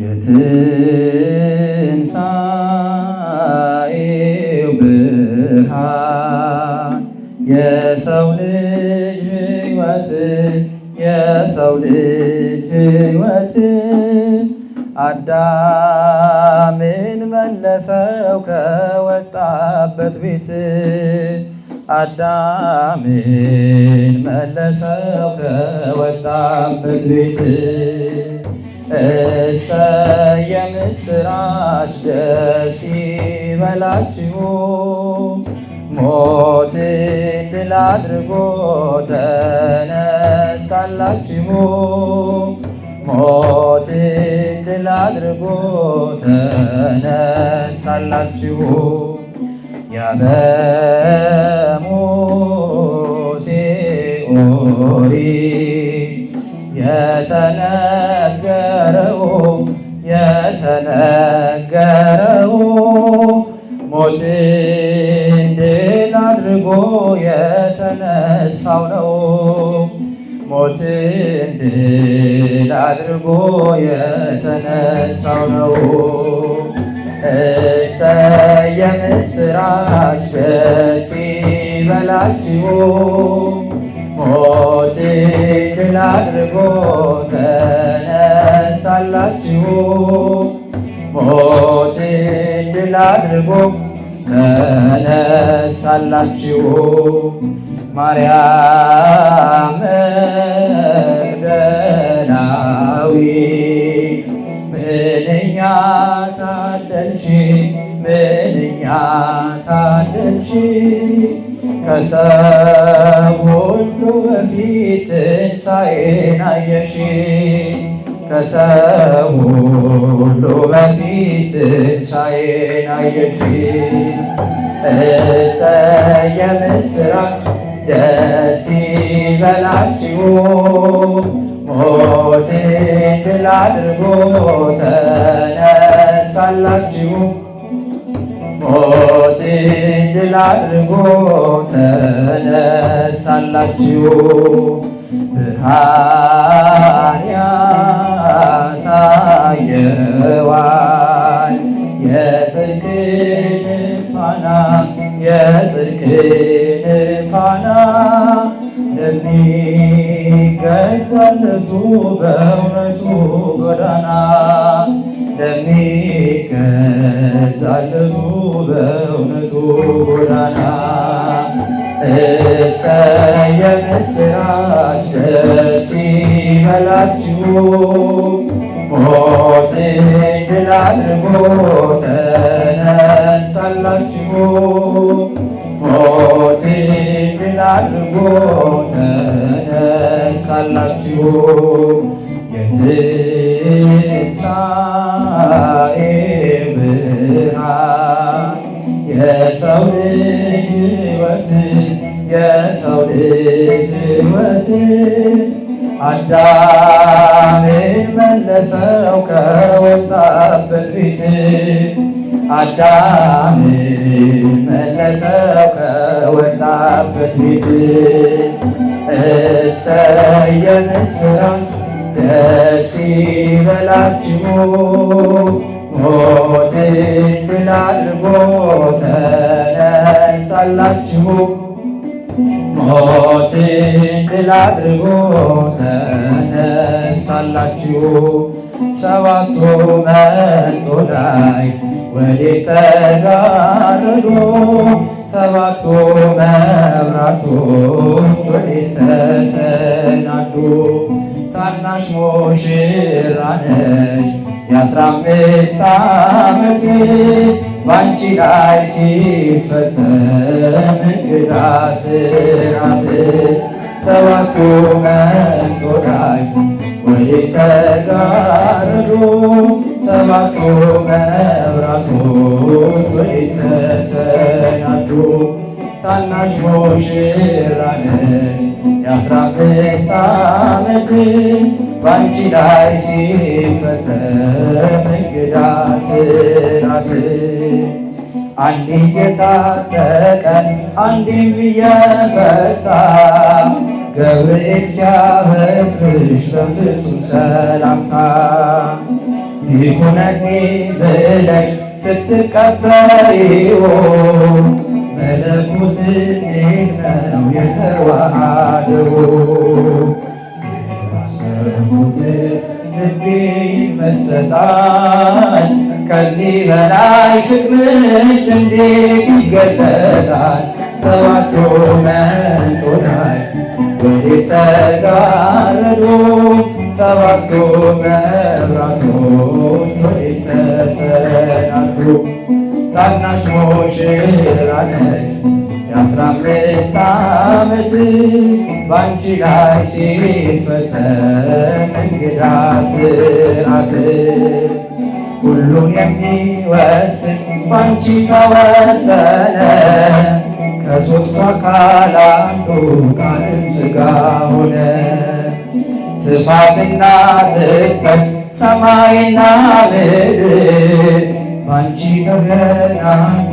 얘들 የሰው ልጅ ሕይወት የሰው ልጅ ሕይወት አዳምን መለሰው ከወጣበት ቤት አዳምን መለሰው ከወጣበት ቤት እሰየ ምስራች ደስ ይበላችሁ ሞትን ድል አድርጎ ተነሳላችሁ። ሞትን ድል አድርጎ ተነሳላችሁ። ያበ ሙሴ ኦሪት የተነገረው የተነገረው ሞት የተነሳው ነው። ሞትን ድል አድርጎ የተነሳው ነው። እሰየ ምስራች ደስ ይበላችሁ፣ ሞትን ድል አድርጎ ተነሳላችሁ፣ ሞትን ድል አድርጎ ተነሳላችሁ ማርያም መግደላዊት ምንኛ ታደልሽ ምንኛ ታደልሽ ከሰው ሁሉ በፊት ትንሣኤን አየሽ ከሰው ሁሉ በፊት ትንሣኤን አየች። እሰየ ምስራች፣ ደስ ይበላችሁ፣ ሞትን ድል አድርጎ ተነሳላችሁ፣ ሞትን ድል አድርጎ ተነሳላችሁ ብርሃን ያሳየዋል የጽድቅን ፋና የጽድቅን ፋና ለሚገዛለቱ በእውነቱ ጎዳና ለሚገዛለቱ በእውነቱ ጎዳና እሰየ ምስራች ደስ ይበላችሁ ሞትን ድል አድርጎ ተነሳላችሁ። ሞትን ድል አድርጎ ተነሳላችሁ። የትንሣኤ ብርሃን የሰው ልጅ ሕይወት የሰው ልጅ ሕይወት አዳሜ መለሰው ከወጣበት ፊት አዳሜን መለሰው ከወጣበት ፊት እሰየ ምስራች ደስ ይበላችሁ ሞትን ድል አድርጎ ተነሳላችሁ ሞትን ድል አድርጎ ተነሳላችሁ። ሰባቱ መንጦ ላይት ወዴት ተጋረዱ? ሰባቱ መብራቶች ወዴት ተሰናዱ? ታናሽ ሙሽራ ነሽ የአስራ አምስት ዓመት ባንቺ ላይ ሲፈጸም እንግዳ ስራት ሰባቱ መንጦላዕት ወይ ተጋረዱ? ሰባቱ መብራቶች ወዴት ተሰናዱ? ታናሽ ሙሽራ ነሽ የአስራ አምስት ዓመት ባንቺ ላይ ሲፈተን እንግዳ ስራት አንድ እየታጠቀን አንድም እየፈታ ገብርኤል ሲያበስርሽ በፍጹም ሰላምታ ይኩነኒ ብለሽ ስትቀበይው መለኮት እንዴት ነው የተዋሃደው ስሙት ልቤ ይመሰጣል። ከዚህ በላይ ፍቅርስ እንዴት ይገለጣል? ሰባቱ መንጦላዕት ወዴት ተጋረዱ? ሰባቱ መብራቶች ወዴት ተሰናዱ? ታናሽ ሙሽራ ነሽ የአስራ አምስት ዓመት ባንቺ ላይ ሲፈጸም እንግዳ ስርዓት ሁሉን የሚወስን ባንቺ ተወሰነ። ከሦስቱ አካል አንዱ ቃልም ሥጋ ሆነ። ስፋትና ጥበት ሰማይና ምድር ባንቺ ተገናኙ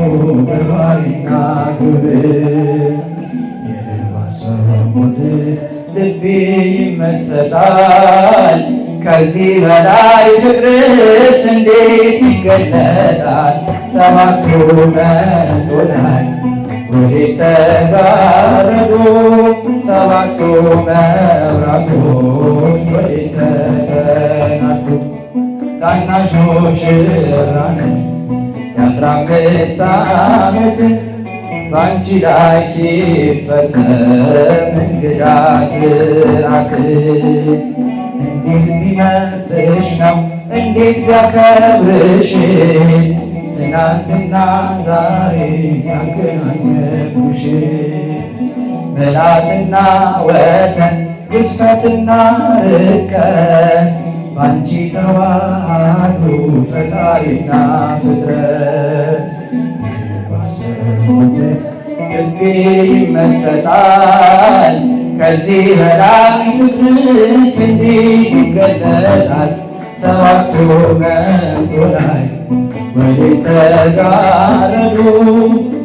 ገባሪና ግብር ስሙት ልቤ ይመሰጣል። ከዚህ በላይ ፍቅርስ እንዴት ይገለጣል? ሰባቱ መቶናል ወዴት ተጋረዶ ሰባቱ መብራቶች ወዴት ተሰናዱ? ታናሾሽ ራነች የአስራ አምስት ዓመት ባንቺ ላይ ሲፈጸም እንግዳ ስርዓት እንዴት ቢመጥሽ ነው እንዴት ቢያከብርሽ ትናንትና ዛሬ ያገናኘብሽ መላትና ወሰን ግዝፈትና ርቀት ባንቺ ተዋህዶ ፈጣሪና ፍጥረት ልቤ ይመሰጣል። ከዚህ በላይ ፍቅርስ እንዴት ይገለጣል? ሰባቱ ወዴት ተጋረዱ?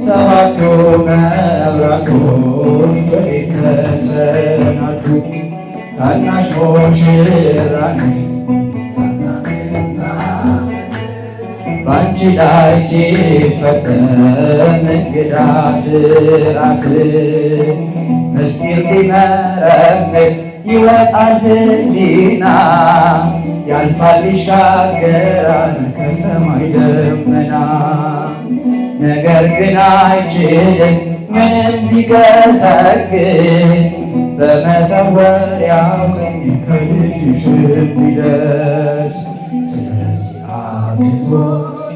ሰባቱ መብራቶች ወዴት ተሰናዱ? ባንቺ ላይ ሲፈተን እንግዳ ስራት ምስጢር ሊመረምር ይወጣል ሕሊና ያልፋል ይሻገራል ከሰማይ ደመና ነገር ግን አይችልም ምንም ቢገሰግስ በመሰወሪያው ቀኝ ከልጅሽ ቢደርስ ስለዚህ አግቶ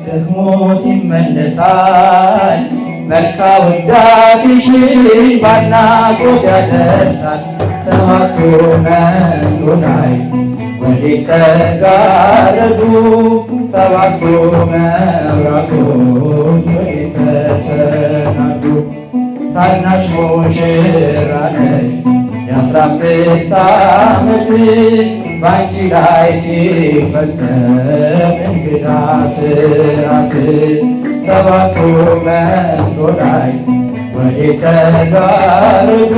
ደክሞት ይመለሳል። መልካ ውዳሴሽን ባናቆት ያደርሳል። ሰባቱ መቶ መላእክት ወዴት ተጋረዱ? ሰባቱ መብራቶች ወዴት ተሰናዱ? ታናሽ ሙሽራ ነሽ የአስራ አምስት ዓመት ባንቺ ላይ ሲፈጸም እንግዳ ስራት ሰባቱ መንጦላይት ወዴት ተዳረጉ?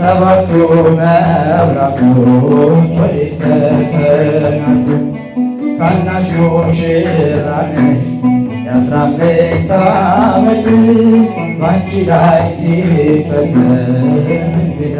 ሰባቱ መብራቶች ወዴት ተሰናዱ? ታናሽ ሙሽራ ነሽ ዓመት ባንቺ ላይ ሲፈጸም እንግዳ